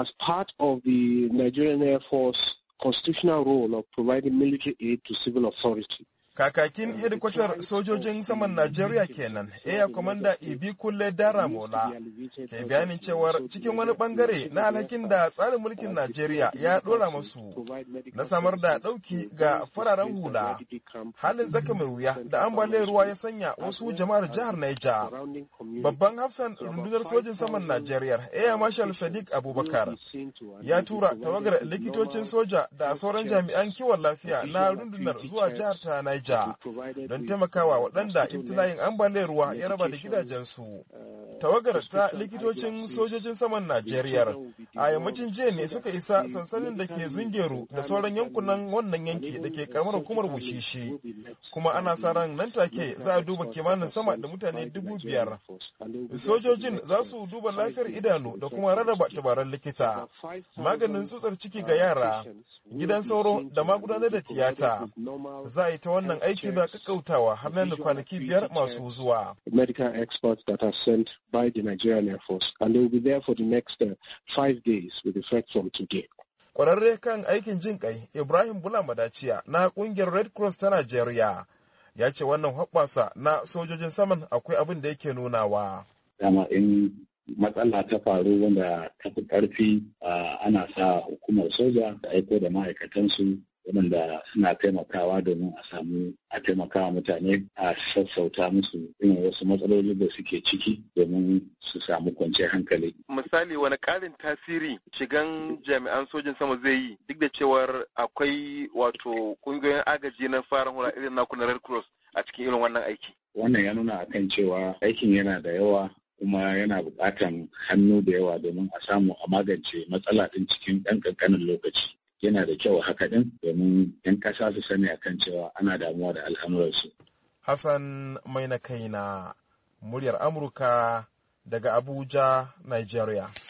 as part of the Nigerian Air Force constitutional role of providing military aid to civil authority. Kakakin hedikwatar sojojin saman Najeriya kenan, Air Commander Ibi Kulle Dara Mola, ke bayanin cewar cikin wani bangare na alhakin da tsarin mulkin Najeriya ya dora masu na samar da ɗauki ga fararen hula. Halin zaka mai wuya da ambaliyar ruwa ya sanya wasu jama'ar jihar Naija. Babban hafsan rundunar sojin saman Najeriya, Air Marshal Sadiq Abubakar, ya tura tawagar likitocin soja da sauran jami'an kiwon lafiya na rundunar zuwa jihar ta Niger. Niger don taimakawa waɗanda ibtila'in ambaliyar ruwa ya raba da gidajensu. Tawagar ta likitocin sojojin saman Najeriya a yammacin jiya ne suka isa sansanin da ke Zungeru da sauran yankunan wannan yanki da ke karamar hukumar Wushishi. Kuma ana sa ran nan take za a duba kimanin sama da mutane dubu biyar. Sojojin za su duba lafiyar idanu da kuma rarraba tabaran likita, maganin tsutsar ciki ga yara, gidan sauro da magudanar da tiyata. Za a yi ta wannan wannan aiki da kakkautawa har na kwanaki biyar masu zuwa. Medical experts that are sent by the Nigerian Air Force and they will be there for the next uh, five days with effect from today. Kwararre kan aikin jin kai Ibrahim Bula Madaciya na kungiyar Red Cross ta Najeriya ya ce wannan hoɓɓasa na sojojin saman akwai abin da yake nunawa. Dama in matsala ta faru wanda ta fi ƙarfi uh, ana sa hukumar soja da aiko da ma'aikatansu waɗanda suna taimakawa domin a samu a taimakawa mutane a sassauta musu irin wasu matsaloli da suke ciki domin su samu kwanciyar hankali. Misali wani ƙarin tasiri shigan jami'an sojin sama zai yi duk da cewar akwai wato ƙungiyoyin agaji na farin hula irin naku na Red Cross a cikin irin wannan aiki. Wannan ya nuna kan cewa aikin yana da yawa kuma yana buƙatan hannu da yawa domin a samu a magance matsala din cikin ɗan ƙanƙanin lokaci. yana da kyau haka din domin 'yan ƙasa su sani a kan cewa ana damuwa da al'amuransu. Hassan mai na kaina muryar Amurka daga Abuja, Nigeria.